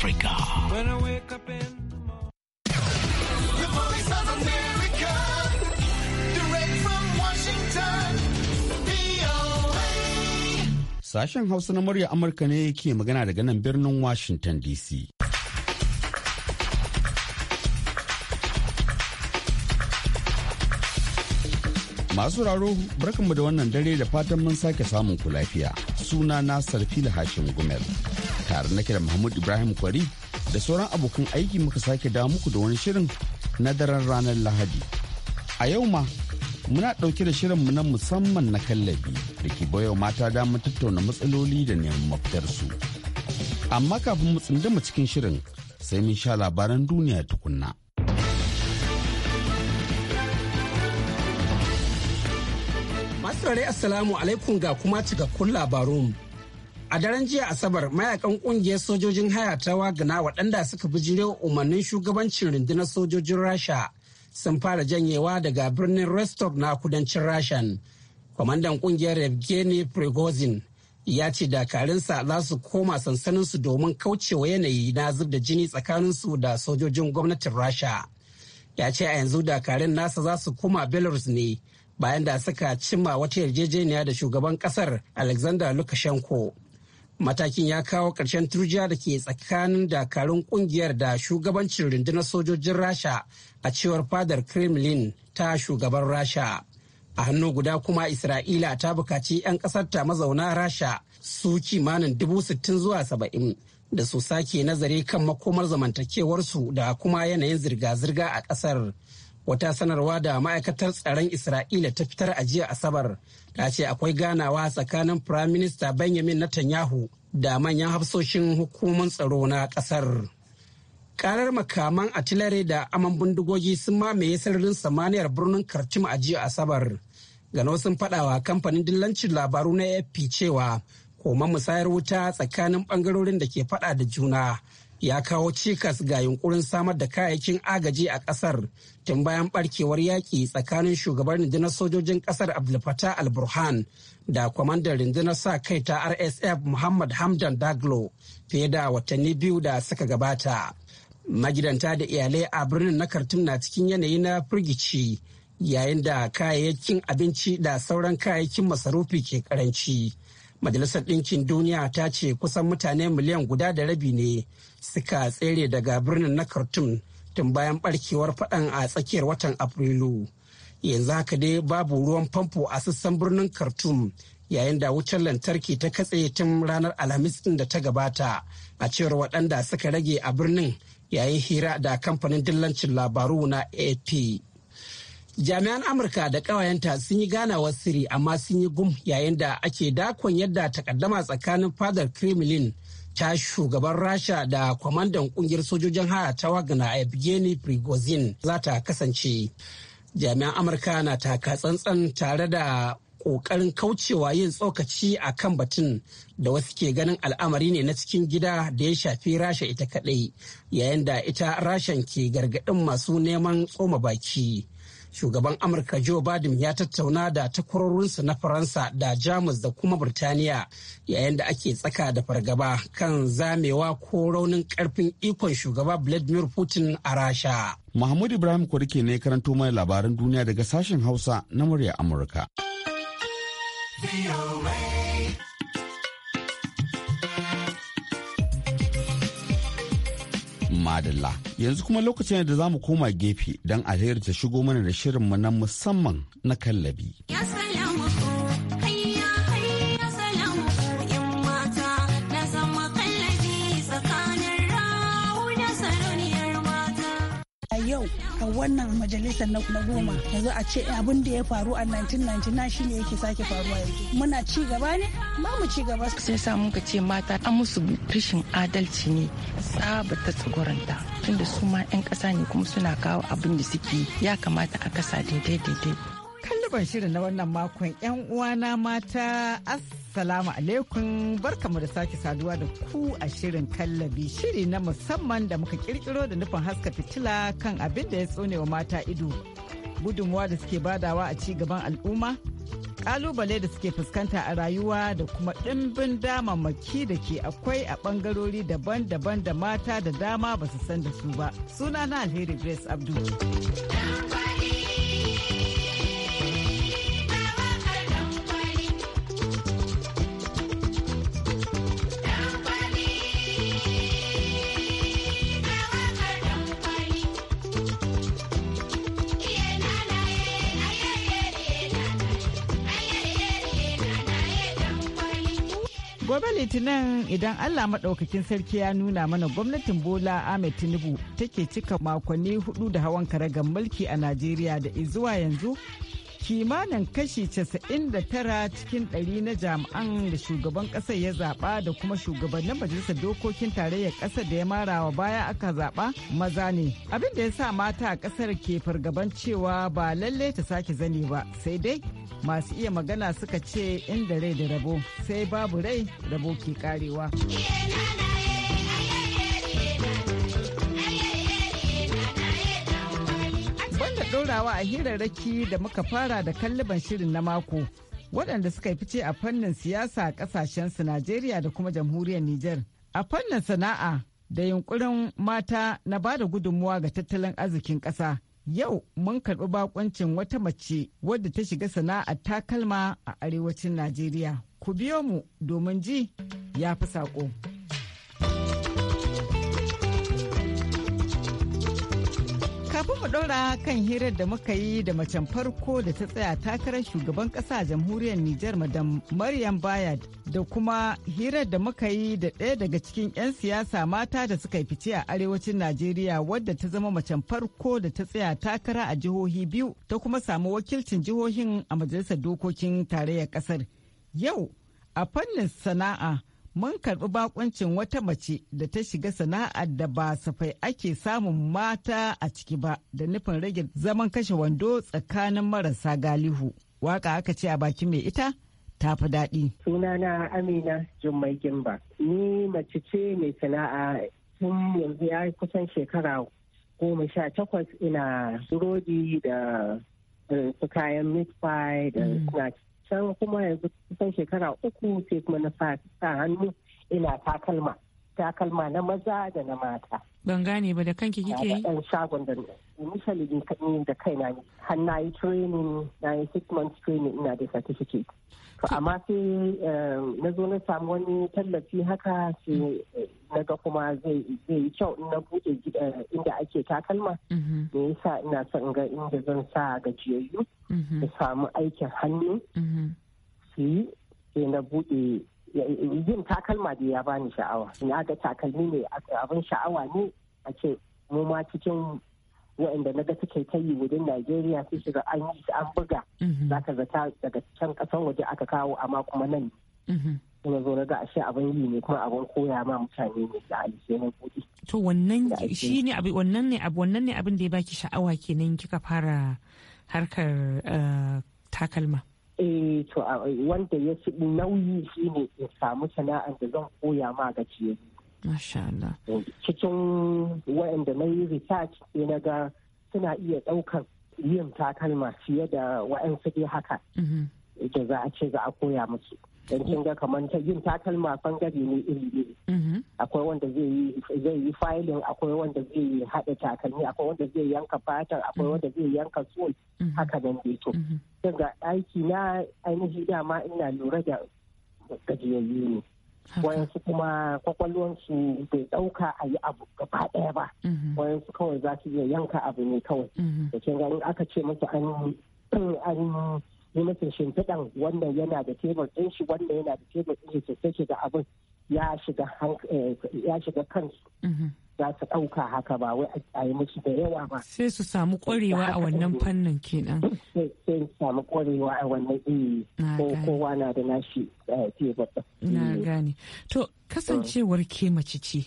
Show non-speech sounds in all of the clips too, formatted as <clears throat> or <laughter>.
Africa. Sashen Hausa na murya Amurka ne ke magana daga nan birnin Washington DC. Masu raro barkanmu da wannan dare da fatan mun sake samun ku lafiya. Suna na Sarfila Hashim Gumel. tare nake da mahmud Ibrahim Kwari da sauran abokan aiki muka sake da muku da wani shirin na daren ranar Lahadi. A yau ma muna ɗauke da shirin na musamman na kallabi da ke bayo mata dama tattauna matsaloli da neman su Amma kafin mu tsindama cikin shirin sai mun sha labaran duniya tukunna. Masarai Assalamu alaikum ga kuma cikakkun labarun. A daren jiya Asabar mayakan kungiyar sojojin haya ta Wagana waɗanda suka bijire umarnin shugabancin rundunar sojojin Rasha sun fara janyewa daga birnin Rostov na kudancin Rashan. Kwamandan kungiyar Evgeny Prigozhin ya ce dakarunsa za su koma sansaninsu domin kaucewa yanayi na zub da jini tsakaninsu da sojojin gwamnatin Rasha. Ya ce a yanzu dakarun nasa za su koma Belarus ne bayan da suka cimma wata yarjejeniya da shugaban kasar Alexander Lukashenko. Matakin ya kawo ƙarshen turjiya da ke tsakanin dakarun ƙungiyar da shugabancin rundunar sojojin Rasha a cewar fadar Kremlin ta shugaban Rasha. A hannu guda kuma Isra'ila ta bukaci 'yan ƙasarta mazauna Rasha su kimanin dubu sittin zuwa saba'in da su sake nazari kan makomar zamantakewarsu da kuma yanayin zirga-zirga a ƙasar. wata sanarwa da ma'aikatar tsaron isra'ila ta fitar a jiya asabar ta ce akwai ganawa tsakanin prime minister benjamin netanyahu da manyan hafsoshin hukumar tsaro na kasar karar makaman atilare da aman bindigogi sun mamaye sararin samaniyar birnin khartoum a jiya asabar gano sun faɗawa kamfanin dillancin labaru na afp cewa koman musayar wuta tsakanin bangarorin da ke faɗa da juna ya kawo cikas ga yunkurin samar da kayayyakin agaji a kasar tun bayan barkewar yaƙi tsakanin shugaban rundunar sojojin kasar abdulfatah al-burhan da kwamandan rundunar sa kai ta rsf muhammad hamdan daglo fiye da watanni biyu da suka gabata magidanta da iyalai a birnin na kartun na cikin yanayi na firgici yayin da kayayyakin abinci da sauran kayayyakin masarufi ke karanci majalisar ɗinkin duniya ta ce kusan mutane miliyan guda da rabi ne suka tsere daga birnin na khartoum tun bayan barkewar faɗan a tsakiyar watan afrilu yanzu haka dai babu ruwan famfo a sassan birnin khartoum yayin da wutar lantarki ta katse tun ranar alhamis din da ta gabata a cewar waɗanda suka rage a birnin yayin hira da kamfanin dillancin labaru na ap jami'an amurka da ƙawayenta sun yi ganawar siri amma sun yi gum yayin da ake dakon yadda takaddama tsakanin fadar kremlin ta shugaban rasha da kwamandan kungiyar sojojin haya ta wagana evgeny prigozhin za ta kasance jami'an amurka na taka tsantsan tare da kokarin kaucewa yin tsokaci a kan batun da wasu ke ganin al'amari ne na cikin gida da ya shafi rasha ita kadai yayin da ita rashan ke gargadin masu neman tsoma baki shugaban amurka joe biden ya tattauna da takwarorinsa na faransa da jamus da kuma Birtaniya yayin da ake tsaka da fargaba kan zamewa ko raunin karfin ikon shugaba vladimir putin a rasha mahmud ibrahim kwarke ne karanto mai labaran duniya daga sashen hausa na murya amurka. madalla yanzu kuma lokacin da za mu koma gefe don alheri ta shigo mana da shirin mu na musamman na kallabi. Yes, wannan majalisar na goma mm. yanzu a ce abin da ya faru a 1999 shine yake sake faruwa yanzu muna ci gaba ne ba mu ci gaba sai sa muka ce mata an musu rashin adalci ne ta tsagoranta tunda su ma 'yan kasa ne kuma suna kawo abin da suke ya kamata a kasa daidai daidai kalliban shirin na wannan makon yan uwana mata assalamu alaikum barkamu da sake saduwa da ku a shirin kallabi shiri na musamman da muka kirkiro da nufin haska fitila kan abin da ya tsone wa mata ido gudunmuwa da suke badawa a ci gaban al'umma kalubale da suke fuskanta a rayuwa da kuma ɗimbin damammaki da ke akwai a ɓangarori daban-daban da mata da dama ba su san da su ba suna na alheri grace abdul Gobe Litinin idan Allah maɗaukakin sarki ya nuna mana gwamnatin Bola Ahmed Tinubu take cika makonni hudu da hawan karagar mulki a Najeriya da izuwa yanzu kimanin kashi 99 cikin 100 na jami'an da shugaban ƙasar ya zaɓa da kuma shugabannin majalisar dokokin tarayyar ƙasar da ya mara wa baya aka zaɓa maza ne abin da ya sa mata a ƙasar ke fargaban cewa ba lallai ta sake zane ba sai dai masu iya magana suka ce inda rai da rabo sai babu rai rabo ke karewa. Banda ɗorawa a hirarraki da muka fara da kalliban shirin na mako waɗanda suka fice a fannin siyasa a ƙasashensu Najeriya da kuma jamhuriyar Nijar. A fannin sana'a da yunkurin mata na bada da gudunmuwa ga tattalin arzikin ƙasa. yau mun karɓi bakoncin wata mace wadda ta shiga sana'ar takalma a arewacin Najeriya. Ku biyo mu domin ji ya fi saƙo. Kafin mu ɗora kan hirar da muka yi da macen farko da ta tsaya takarar shugaban ƙasa a jamhuriyar Nijar madam Maryam Bayad da kuma hirar da muka yi da ɗaya daga cikin 'yan siyasa mata da suka yi fice a arewacin Najeriya wadda ta zama macen farko da ta tsaya takara a jihohi biyu ta kuma samu wakilcin jihohin a majalisar dokokin tarayyar ƙasar. Yau a fannin sana'a mun karɓi bakuncin wata mace da ta shiga sana'ar da ba safai ake samun mata a ciki ba da nufin rage zaman kashe wando tsakanin marasa galihu waka aka ce a baki mai ita ta fi daɗi. sunana amina jummai gimba ni mace ce mai sana'a tun yanzu ya kusan shekara goma sha takwas ina surodi da su kayan meat da mm. snacks can kuma yanzu kusan shekara uku sai kuma na sa hannu ina takalma takalma na maza da na mata. Ban gane ba da kanki kike yi? Ɗan shagon da initially ni da kaina ne. Har na yi training, na yi six months training ina da certificate. To amma sai um, na zo na samu wani tallafi haka sai mm. eh, na ga kuma zai yi kyau in na buɗe inda ake takalma. Mm-hmm. Me yasa ina son in ga inda zan sa gajiyayyu. Da mm-hmm. samu aikin hannu. Mm-hmm. Su yi sai na buɗe yin takalma da ya bani sha'awa na ga takalmi ne abin sha'awa ne a ce mu ma cikin waɗanda na ga suke ta yi wajen Najeriya sai shiga an yi an buga mhm. za ka zata daga can ƙasan waje aka kawo amma kuma nan mhm. kuma zo na ga ashe abin yi ne kuma abin koya ma mutane ne da na kudi To wannan shi ne abin wannan ne abin wannan ne abin da ya baki sha'awa kenan kika fara harkar eh, takalma. eh to wanda ya fi nauyi shine ya samu sana'ar da zan koya ma gajiye cikin waɗanda na yi research sai na ga suna iya ɗaukar yin takalma fiye da waɗansu dai haka mm-hmm. da za a ce za a koya musu don kin ga kamar yin takalma bangare ne iri ne. Mm-hmm. akwai wanda zai yi filin akwai wanda zai yi haɗa takalmi akwai wanda zai yanka fatar akwai mm-hmm. wanda zai yanka sol mm-hmm. haka nan dai to daga aiki na ainihi dama ina lura da gajiyayyu ne su kuma kwakwalwansu bai dauka ayi yi abu gaba daya ba wayansu kawai za su iya yanka abu ne kawai da kin ga aka ce musu an an sai musu shimfiɗan wannan yana da tebur ɗin shi wannan yana da tebur ɗin shi sai shiga abin ya shiga eh, kansu mhm. za su ɗauka haka ba wai a yi musu da yawa ba. Sai su samu ƙwarewa a wannan fannin kenan. Sai su samu ƙwarewa a wannan iri eh, ko kowa na da nashi eh, tebur. Na gane. To kasancewar ke mace ce.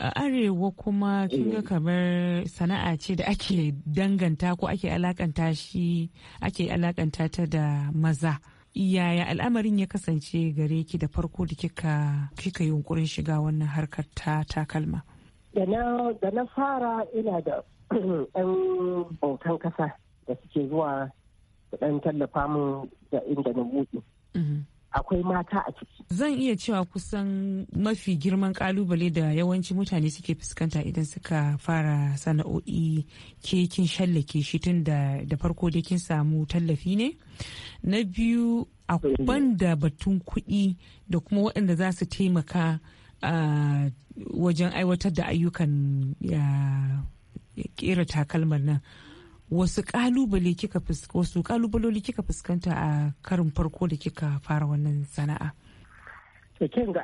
a arewa kuma kin ga eh. kamar sana'a ce da ake danganta ko ake alakanta shi ake alakanta ta da maza yaya al'amarin ya kasance gare ki da farko da kika kika yunkurin shiga wannan harkar ta takalma da na da na fara ina da <clears throat> ɗan bautan kasa da suke zuwa da ɗan tallafa min da inda na buɗe mm-hmm. akwai mata a ciki. Zan iya cewa kusan mafi girman kalubale da yawanci mutane suke fuskanta idan suka fara sana'o'i ke kin shallake shi tun da farko da kin samu tallafi ne. Na biyu akwai da batun kuɗi da kuma waɗanda za su taimaka wajen aiwatar da ayyukan kera takalmar nan. wasu kalubale kika wasu kalubaloli kika fuskanta a karin farko da kika fara wannan sana'a kyan ga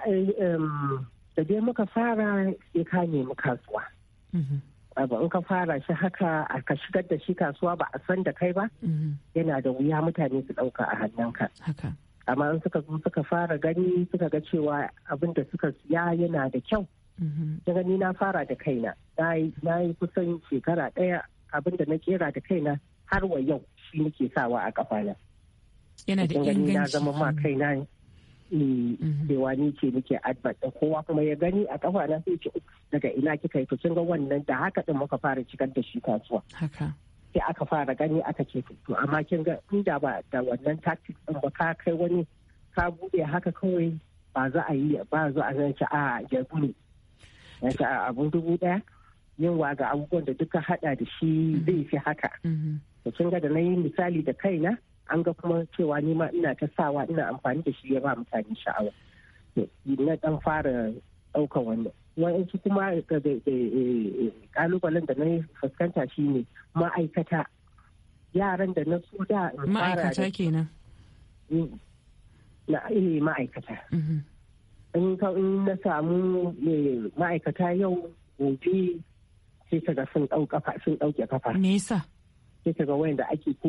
da dai muka fara ya kame mu kasuwa mm-hmm. abu in ka fara shi haka a ka shigar da shi kasuwa ba a san da kai ba mm-hmm. yana da wuya mutane su ɗauka a hannunka amma in suka zo suka fara gani suka ga cewa abin da suka siya yana da kyau mm-hmm. Na gani na fara da kaina na yi kusan shekara ɗaya abin da na kera da kaina har wa yau shi nake sawa a kafana yana da inganci na zama ma kaina ne eh, mhm. cewa ni ke nake advert da kowa kuma ya gani a kafana sai ce daga ina kika yi to kin ga wannan da haka din muka fara cikar da shi kasuwa haka sai aka fara gani aka ce to amma kin ga inda ba da wannan tactics din ba ka kai wani ka bude haka kawai ba za a yi ba za a zance a yanzu ne abun dubu ɗaya. yawa ga abubuwan da duka hada da shi mm-hmm. zai fi haka da mm-hmm. kin ga da na yi misali da kaina an ga kuma cewa ni ma ina ta sawa ina amfani da shi ya ba mutane sha'awa na dan fara ɗaukar wannan wa'yansu kuma kalubalen eh, eh, da na fuskanta shi ne ma'aikata yaran da na so da ma'aikata kenan mm. na eh, ma'aikata mm-hmm. in na samu ma'aikata yau gobe sai kaga sun ɗau kafa sun ɗauke kafa me yasa sai kaga wanda ake ko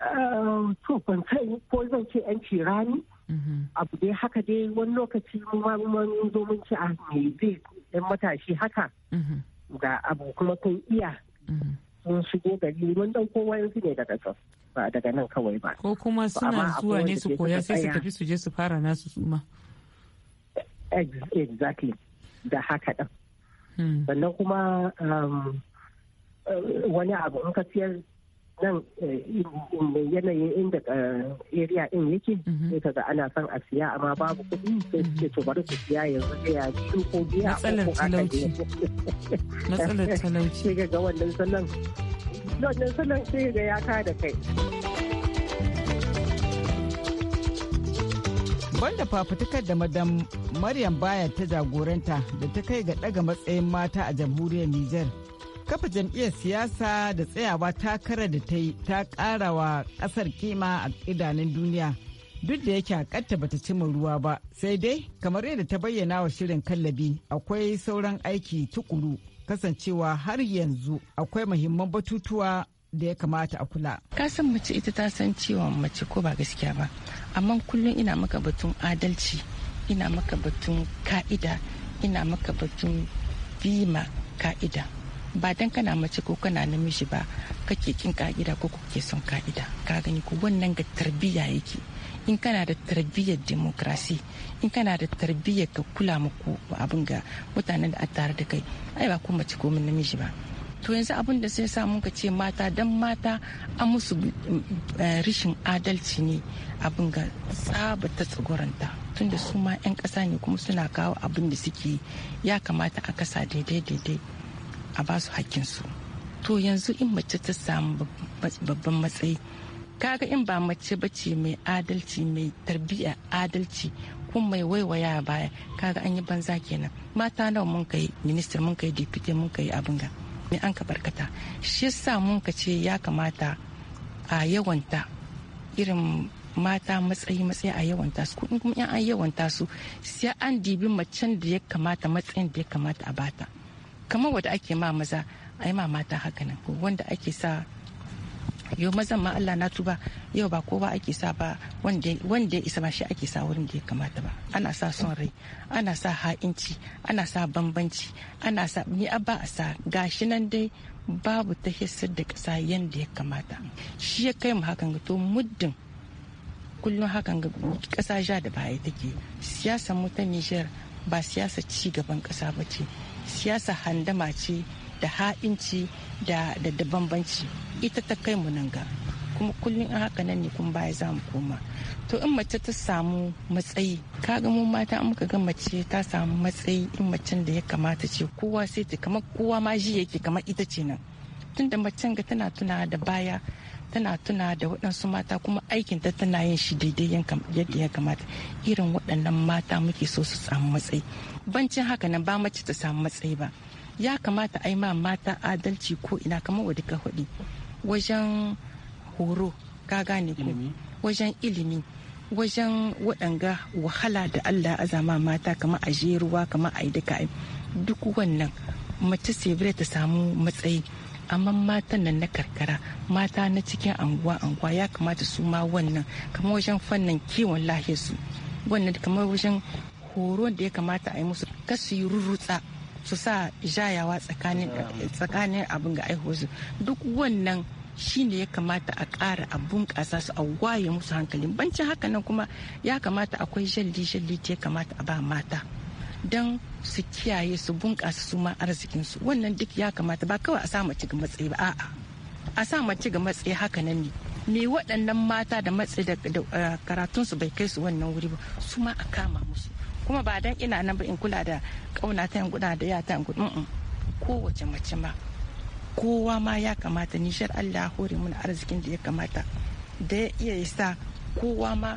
eh, to ban kai ko zan ce yan rani. Mm-hmm. abu dai haka dai wani lokaci mu ma mun zo mun ci a ah, me zai yan matashi haka mm-hmm. ga abu kuma kun iya sun mm-hmm. shigo gari mun ɗauko wayansu ne daga can ba daga nan kawai ba. Ko kuma suna zuwa ne su koya sai su tafi su je su fara nasu suma. Exactly da haka ɗan. Hmm. sannan kuma um, uh, wani abu in ka siyar nan eh, yanayin inda eh, area in yake hmm. sai ka ga ana son a siya amma babu kuɗi sai suke to bari su siya yanzu sai ya ci ko biya talauci matsalar <laughs> talauci ga wannan wannan sai ga ya ka da kai Banda fafutukar da madam Maryam baya ta jagoranta da ta kai ga ɗaga matsayin mata a jamhuriyar Nijar. Kafa jam'iyyar siyasa da tsayawa takarar da ta yi ta ƙarawa wa ƙasar kima a idanun duniya. Duk da yake hakatta bata cima ruwa ba, sai dai kamar yadda ta bayyana wa shirin kallabi akwai sauran aiki tukuru kasancewa har yanzu akwai muhimman batutuwa da ya kamata a kula. kasan mace ita ta san cewa mace ko ba gaskiya ba, amma kullum ina maka batun adalci, ina maka batun ka'ida, ina maka batun bima ka'ida. Ba dan kana mace ko kana namiji ba kake kin ka'ida ko kuke son ka'ida. Ka gani ko wannan ga tarbiyya yake. In kana da tarbiyyar demokrasi, in kana da tarbiyyar ka kula muku abin ga mutanen da a tare da kai, ai ba ko mace ko namiji ba. to yanzu abin da sai sa muka ce mata dan mata an musu eh, rishin adalci ne abin ga tsabata tsagoranta tun da su ma 'yan ƙasa ne kuma suna kawo abin da suke ya kamata a kasa daidai daidai a ba su su to yanzu in mace ta samu babban matsayi kaga in ba mace ba ce mai adalci mai tarbiyya adalci kuma mai waiwaya baya kaga an yi banza kenan mata nawa mun kai minista mun kai deputy mun kai abin ga ne an ka barkata shi sa mun ka ce ya kamata a yawanta irin mata matsayi matsayi a yawanta su kuma in an yawanta su sai an dibi macen da ya kamata matsayin da ya kamata a bata kamar wadda ake ma maza a yi ma mata haka nan wanda ake sa yau mazan ma Allah na tuba yau ba kowa ake sa ba wanda ya isa ba shi ake sa wurin da ya kamata ba ana sa son rai ana sa ha'inci ana sa bambanci ana sa ni a ba a sa gashi nan dai babu ta hissar da ƙasa yadda ya kamata shi ya kai mu hakan ga to muddin kullum hakan ga ƙasa ja da baya take siyasar mu ta Nijar ba siyasa ci gaban ƙasa ba ce siyasa handama ce da ha'inci da da bambanci ita ta kai mu nan ga kuma kullum in haka nan ne kun baya za mu koma to in mace ta samu matsayi kaga mu mata an muka ga mace ta samu matsayi in macen da ya kamata ce kowa sai ta kamar kowa ma ji yake kamar ita ce nan tunda macen ga tana tuna da baya tana tuna da waɗansu mata kuma aikin ta tana yin shi daidai yadda ya kamata irin waɗannan mata muke so su samu matsayi bancin haka nan ba mace ta samu matsayi ba ya kamata a yi ma mata adalci ko ina kamar wadda ka faɗi wajen horo ka gane ko wajen ilimi wajen waɗanga wahala da allah azama mata kamar a ruwa kamar a yi duka duk wannan mace sebire ta samu matsayi amma matan nan na karkara mata na cikin anguwa anguwa ya kamata su ma wannan kamar wajen fannin kiwon lahiyarsu wannan kamar wajen horon da ya kamata a yi musu kasu yi rurrutsa su sa jayawa tsakanin abin ga aihuwarsu duk wannan shine ya kamata a kara a bunƙasa su a waye musu hankali bancin haka nan kuma ya kamata akwai jalli jalli ta ya kamata a ba mata don su kiyaye su bunƙasa su ma arzikinsu wannan duk ya kamata ba kawai a sa mace ga matsayi ba a'a a sa mace ga matsayi haka nan ne me waɗannan mata da matsayi da eh, karatunsu bai kai su wannan wuri ba su ma a kama musu kuma ba dan ina nan ba in kula da kauna ta guda da ya ta guda kowace mace ma kowa ma ya kamata nishar Allah hore mun arzikin da ya kamata da ya iya yasa kowa ma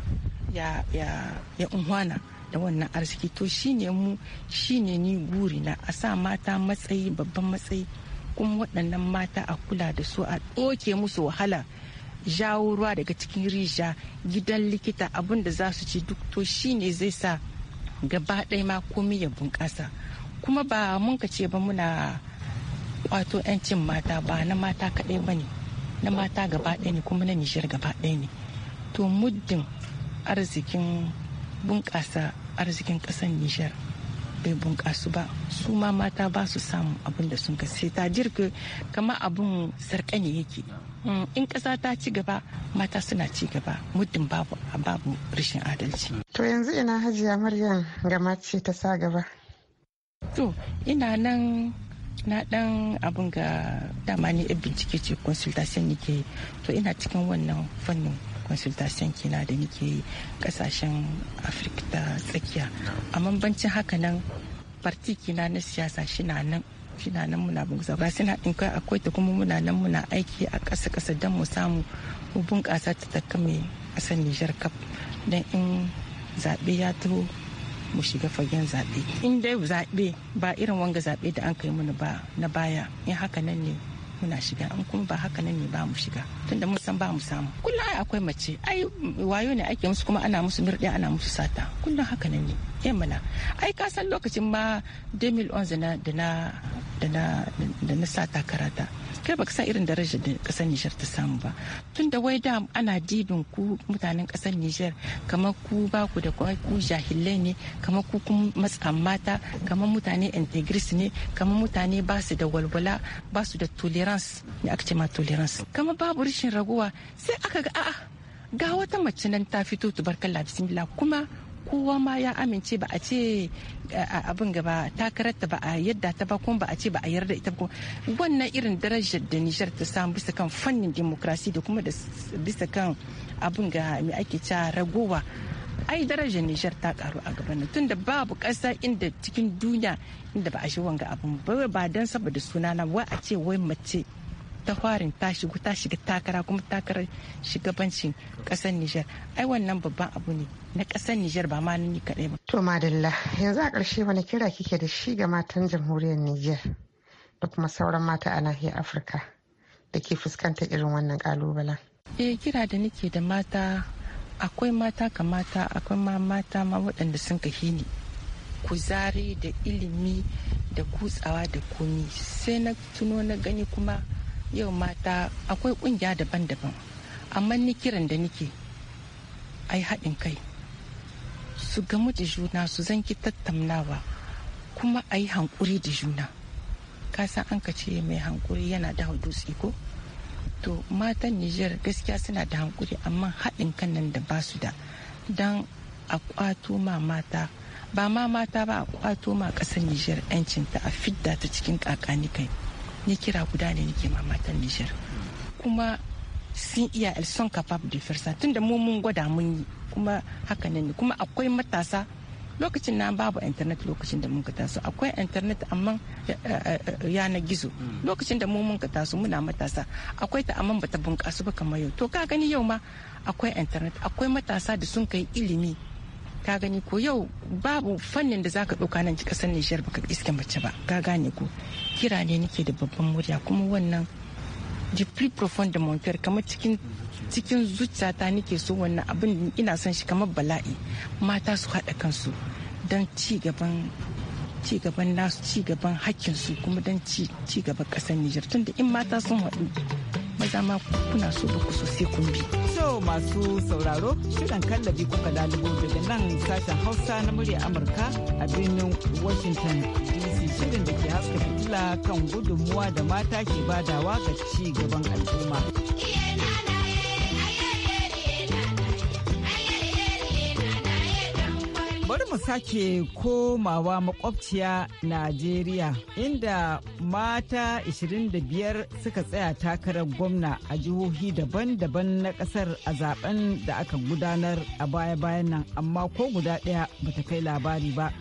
ya ya unhwana da wannan arziki to shine mu shine ni na a sa mata matsayi babban matsayi kuma waɗannan mata a kula da su a ɗoke musu wahala jawo ruwa daga cikin rija gidan likita abin da za su ci duk to shine zai sa gaba ɗaya ma komi ya bunƙasa kuma ba mun ka ce ba muna ƙwato 'yancin mata ba na mata kaɗai ba ne na mata gaba ɗaya ne kuma na nijar gaba ɗaya ne to muddin arzikin bunƙasa arzikin ƙasar nijar bai bunƙasu ba su ma mata ba su samun abin da sun ka sai ta jirgin kama abin sarƙa ne yake Mm, in ƙasa ta ci gaba mata suna ci gaba muddin babu babu rashin adalci to yanzu ina hajiya maryam ga mace ta sa gaba to ina nan na dan abun ga dama ne bincike ce consultation nike yi to ina cikin wannan fannin consultation kina da nike yi kasashen afirka ta tsakiya a bancin haka nan parti kina na siyasa shi na nan fina nan muna bunƙasa ga suna kai akwai ta kuma muna nan muna aiki a ƙasa ƙasa don mu samu mu bunƙasa ta takame ƙasar nijar kaf don in zaɓe ya taho mu shiga fagen zaɓe in dai zaɓe ba irin wanga zaɓe da an kai mana ba na baya in haka nan ne muna shiga in kuma ba haka nan ne ba mu shiga tunda mun san ba mu samu kullum ai akwai mace ai wayo ne ake musu kuma ana musu mirɗi ana musu sata kullum haka nan ne yan eh, mana ai ka san lokacin ma 2011 na da na da na sa takarata kai baka san irin darajar da kasar Nijar ta samu ba tun da wai da ana dibin ku mutanen kasar Nijar kamar ku ba ku da ku jahilai ne kamar ku kun matsan mata kamar mutane integris ne kamar mutane ba su da walwala ba su da tolerance ne aka ce ma tolerance kamar babu rashin raguwa sai aka ga a'a ga wata mace nan ta fito tubarkalla bismillah kuma kowa ma ya amince ba a ce abin gaba takarar ta ba a yadda ta ba kuma ba a ce ba a yarda ita ba wannan irin darajar da Nijar ta samu bisa kan fannin demokrasi da kuma bisa kan abin ga mai ake ca ragowa ai darajar Nijar ta karu a gaban tun da babu ƙasa inda cikin duniya inda ba a shi wanga abin ba dan saboda sunana wai a ce wai mace ta farin ta shigo ta shiga takara kuma takarar shugabancin kasar Nijar ai wannan babban abu ne na kasar Nijar ba ma ni kaɗai ba. To madalla yanzu a ƙarshe wani kira kike da shi ga matan jamhuriyar Nijar da kuma sauran mata a nahiyar Afirka da ke fuskantar irin wannan ƙalubalen. Eh kira da nake da mata akwai mata ka mata akwai ma mata ma waɗanda sun kahi ni kuzari da ilimi da kutsawa da komi sai na tuno na gani kuma yau mata akwai kungiya daban-daban amma ni kiran da nike ai haɗin kai su gamu da juna su zanki tattaunawa kuma a yi hankuri da juna kasan an ka ce mai hankuri yana da dutse ko to matan niger gaskiya suna da hankuri amma haɗin kan nan da ba su da don a kwato ma mata ba ma mata ba a kwato ma ƙasar niger 'yancinta a fidda ta cikin kakani kai ni kira guda ne nake ma matan Nijar kuma sun iya son capable de faire ça da mu mun gwada mun yi kuma haka ne kuma akwai matasa lokacin na babu internet lokacin da mun ka taso akwai internet amma eh, eh, eh, yana gizo hmm. lokacin da mu ka taso muna matasa akwai ta amma bata bunƙasu ba kamar yau to ka gani yau ma akwai internet akwai matasa da sun kai ilimi ka gani ko yau babu fannin da zaka dauka nan kasar Nijar baka iske mace ba ka gane ko kira ne nake da babban murya kuma wannan the pre profound da cœur kamar cikin cikin zuciyata nake so wannan abin ina son shi kamar bala'i mata su haɗa kansu don ci gaban ci gaban nasu ci gaban su kuma don ci gaban ƙasar Nijar tunda in mata sun haɗu maza ma kuna so ba ku so sai kun bi. To masu sauraro shirin kallabi kuka dalibo daga nan sashen Hausa na murya Amurka a birnin Washington DC shirin da ke haska fitila kan gudunmuwa da mata ke badawa ga ci gaban al'umma. bari mu sake komawa makwabciya Najeriya inda mata 25 suka tsaya takarar gwamna a jihohi daban-daban na kasar a zaben da aka gudanar a baya-bayan nan amma ko guda ɗaya bata kai labari ba.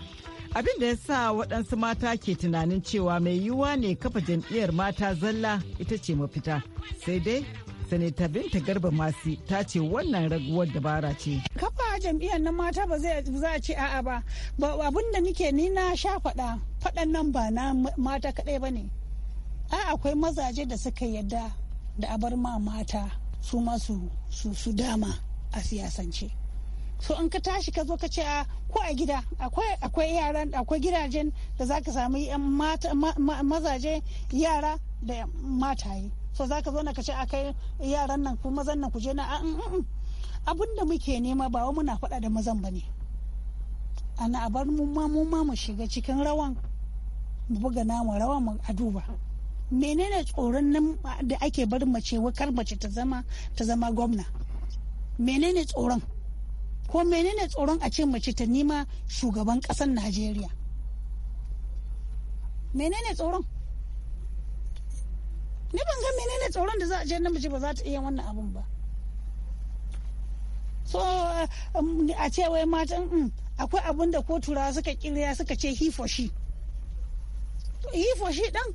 Abin da ya sa waɗansu mata ke tunanin cewa mai yiwuwa ne kafa jam'iyyar mata zalla ita ce mafita sai dai sanata binta garba masi ta ce wannan raguwar dabara ce kafa jam'iyyar nan mata ba za a ce a'a ba abin da nike ni na sha faɗa faɗan nan ba na mata kaɗai ba ne a akwai mazaje da suka yadda da a bar ma mata su masu su dama a siyasance so in ka tashi ka zo ka ce a ko a gida akwai yaran akwai gidajen da za ka samu mazaje yara da mataye so ka zo na ka ce yaran nan ku mazan nan ku je na mm, mm, mm. abin da muke nema ba muna faɗa da mazan ba ne ana a bar mu ma mu ma mu shiga cikin rawan mu buga namu rawan a duba menene tsoron nan da ake bar mace wakar mace ta zama ta zama gwamna menene tsoron ko menene tsoron a ce mace ta nima shugaban kasar najeriya menene tsoron ni ban ga menene tsoron da za a ce namiji ba za ta iya wannan abun ba so um, a ce wai matan mm, akwai abun da ko turawa suka kirya suka ce he for she he for she din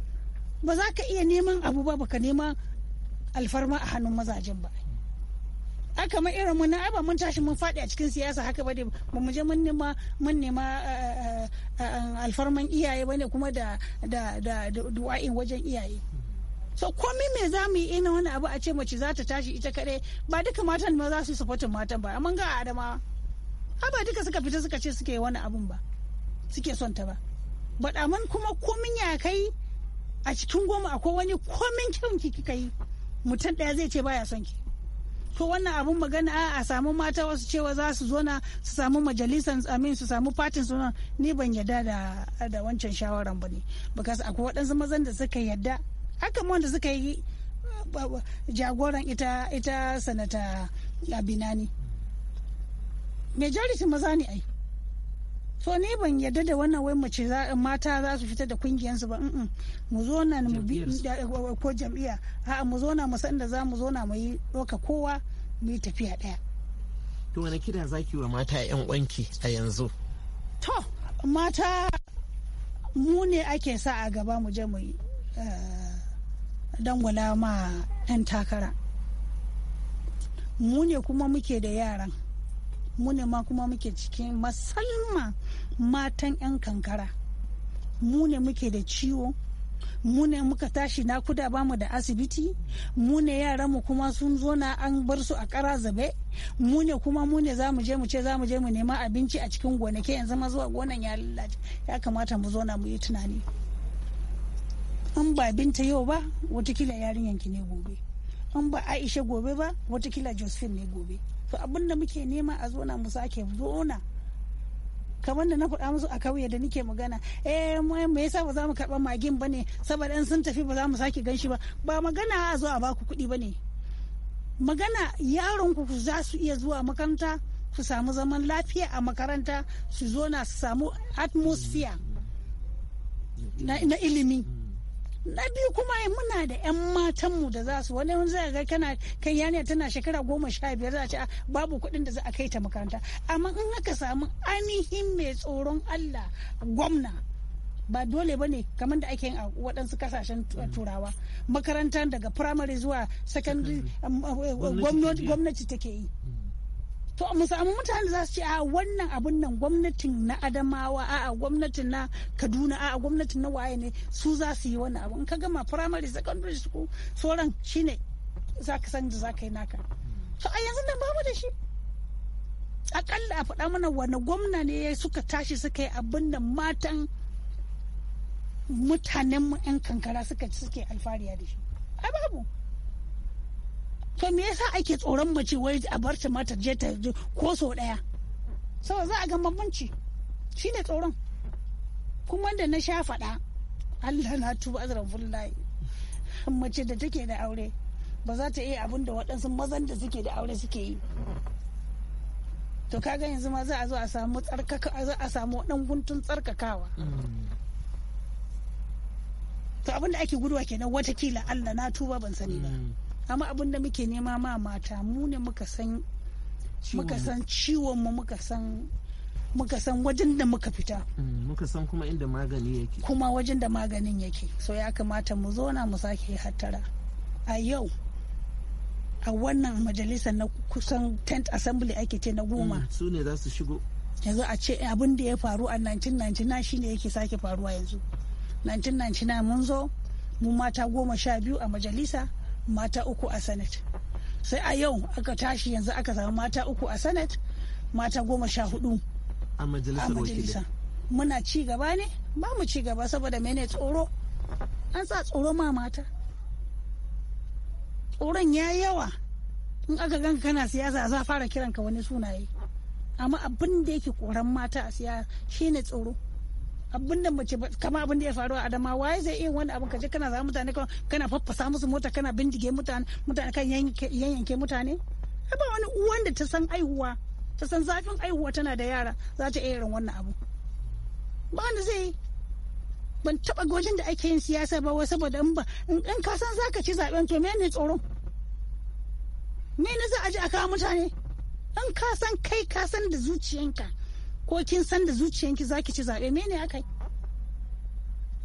ba za ka iya neman abu ba baka nema alfarma a hannun mazajen ba aka ma irin mun ai ba mun tashi mun faɗi a cikin siyasa haka ba ba mu je mun nema mun nema eh, eh, eh, alfarman iyaye bane kuma da da da wajen iyaye so komai me za mu yi ina wani abu a ce mace za ta tashi ita kaɗai ba duka matan ma za su yi matan ba amma ga a adamawa ba duka suka fita suka ce suke wani abun ba suke son ta ba ba amma kuma komin ya kai a cikin goma akwai wani komin kyau ki kika yi mutum ɗaya zai ce baya son ki to wannan abun magana a samu mata wasu cewa za su zona su samu majalisan amin su samu fatin suna ni ban yadda da wancan shawaran ba ne because akwai waɗansu mazan da suka yadda haka wanda suka yi jagoran ita ita sanata abinani majority maza ne ai so ni ban yarda da wannan wai mace mata za su fita da kungiyansu ba mu zo na mu bi eh, ko jam'iyya a mu zo na mu san da za mu zo na mu yi doka kowa mu yi tafiya daya to wani kira zaki wa mata yan wanki a yanzu to mata mu ne ake sa a gaba mu je mu yi eh, dangwala ma 'yan takara mu ne kuma muke da yaran mu ne ma kuma muke cikin musamman matan 'yan kankara mu ne muke da ciwo mu ne muka tashi nakuda ba mu da asibiti mu ne mu kuma sun zo na an bar su a kara zabe mu ne kuma mu ne za mu je mu ce za mu je mu nema abinci a cikin gonaki yanzu ma zuwa gonan ya ya kamata mu zo na mu yi tunani An ba binta yau ba watakila yarinyar ki ne gobe an ba aisha gobe ba watakila josephine ne gobe to abin muke nema a zona mu sake zona kamar da na faɗa musu a kauye da nake magana eh me yasa ba za mu karɓa magin ba ne saboda in sun tafi ba za mu sake ganshi ba ba magana a zo a baku kuɗi ba ne magana yaron ku za su iya zuwa makaranta su samu zaman lafiya a makaranta su zo na su samu atmosphere na ilimi na biyu kuma muna da 'yan matanmu da za su wani zai ga kana kai yaniya tana shekara goma sha biyar za a ce ah, babu kuɗin da za a kai ta makaranta amma in aka samu ainihin mai tsoron allah gwamna ba dole ba ne kamar da ake yin a waɗansu kasashen mm. turawa makarantar daga firamare zuwa secondary um, um, gwamnati take yi mm. to mu samu mutane da za su ce a wannan abun nan gwamnatin na adamawa a gwamnatin na kaduna a gwamnatin na waye ne su za su yi wannan abu in ka gama primary secondary school sauran shine za ka san da za ka yi naka to a yanzu nan babu da shi akalla a faɗa mana wani gwamna ne suka tashi suka yi abin da matan mutanenmu 'yan kankara suka ci suke alfariya da shi ai babu to me yasa ake tsoron mace wai a bar ta mata je ta ko so daya saboda za a ga bambanci shine tsoron kuma da na sha faɗa Allah na tuba azran fullahi mace da take da aure ba za ta iya abin da waɗansu mazan da suke da aure suke yi to kaga yanzu ma za a zo a samu tsarkaka za a samu dan guntun tsarkakawa to abin da ake guduwa kenan watakila Allah na tuba ban sani ba mm. amma abin da muke nema ma mata mu ne muka san muka san ciwon mu muka san muka san wajen da muka fita mm, muka san kuma inda magani yake kuma wajen da maganin yake so ya kamata mu zauna mu sake hattara a yau a wannan majalisar na kusan tent assembly ake ce na goma mm, su ne za su shigo yanzu a ce abin da ya faru a 1999 shine yake sake faruwa yanzu 1999 mun zo mu mata goma sha biyu a majalisa mata uku a senate sai a yau aka tashi yanzu aka samu mata uku a senate mata goma sha hudu a majalisa muna ci gaba ne ba mu ci gaba saboda mene tsoro an sa tsoro ma mata tsoron ya yawa in aka gan kana siyasa za fara kiranka wani sunaye amma abin da yake koran mata a siyasa shine tsoro abin da mace kama abin da ya faru a adama waye zai iya wani abin kaje kana za mutane kana faffasa musu mota kana bindige mutane mutane kan yanyanke mutane ba wani uwan da ta san aihuwa ta san zafin aihuwa tana da yara za ta iya irin wannan abu ba wanda zai ban taba gojin da ake yin siyasa ba wai saboda in ba in ka san zaka ci zaben to me ne tsoro me ne za a ji a kawo mutane in ka san kai ka san da zuciyanka ko kin san da zuciyanki zaki ci zaɓe mene aka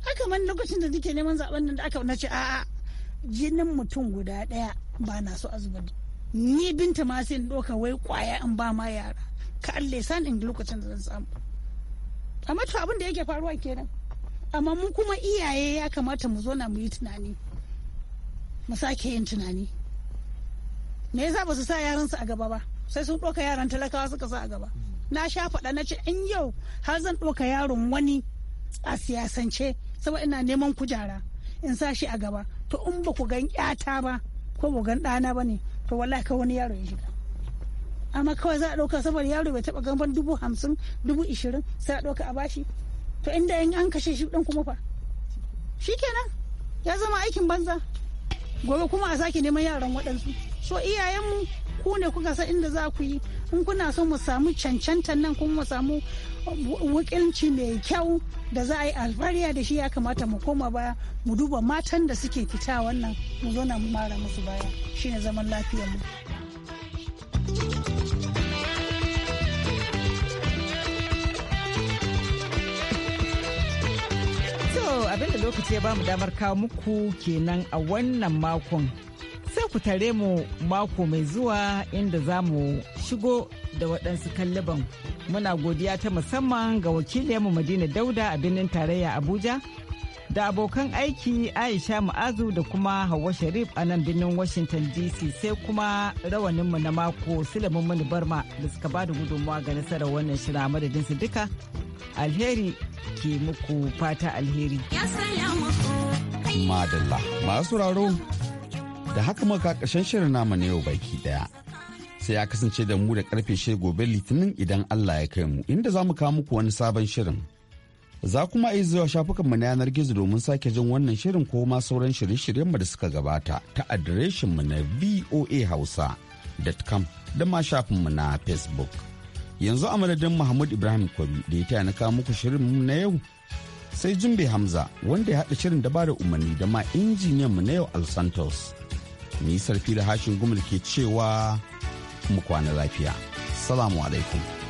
haka man lokacin da nake neman zaben nan da aka na ce a'a jinin mutum guda ɗaya ba na so azuba ni binta ma sai in ɗauka wai ƙwaya in ba ma yara ka alle san in lokacin da zan samu amma to abin da yake faruwa kenan amma mu kuma iyaye ya kamata mu zo na mu yi tunani mu sake yin tunani me yasa ba su sa yaransu a gaba ba sai sun ɗauka yaran talakawa suka sa a gaba na sha faɗa na ce in yau har zan ɗauka yaron wani a siyasance saboda ina neman kujara in sa shi a gaba to in ba ku gan ƴata ba ko ba gan ɗana ba ne to wallahi ka wani yaro ya shiga amma kawai za a ɗauka saboda yaro bai taɓa gamban dubu hamsin dubu ishirin sai a ɗauka a bashi to inda in an kashe shi ɗan kuma fa shi kenan ya zama aikin banza gobe kuma a sake neman yaran waɗansu so iyayenmu ku ne kuka san inda za ku yi in kuna so mu samu cancantan nan kuma mu samu wakilci mai kyau da za a yi alfariya da shi ya kamata mu koma baya mu duba matan da suke fita wannan mu zo na mara musu baya shine zaman lafiyar mu abinda lokaci ya bamu damar kawo muku kenan a wannan makon sai ku tare mu mako mai zuwa inda za mu shigo da waɗansu kallaban muna godiya ta musamman ga wakilinmu madina dauda a birnin tarayya abuja da abokan aiki aisha muazu da kuma hawa sharif a nan birnin washington dc sai kuma rawaninmu na mako silamin mani barma da suka ba da gudunmawa ga nasarar wannan shirin madadinsu duka alheri ke muku fata alheri madalla masu da haka muka ƙarshen shirin namu na yau baki daya sai ya kasance da mu da karfe shirin gobe litinin idan Allah ya kai mu inda zamu mu kawo muku wani sabon shirin za kuma iya zuwa shafukan mu na yanar gizo domin sake jin wannan shirin ko ma sauran shirye-shiryen mu da suka gabata ta adireshin mu na voahausa.com da ma shafin mu na facebook yanzu a madadin Muhammad Ibrahim Kwari da ya taya na kawo muku shirin mu na yau sai Jumbe Hamza wanda ya haɗa shirin da ba da umarni da ma injiniyan mu na yau Al Santos. Nisar fili hashin gumul ke cewa mu kwana lafiya. Salamu alaikum.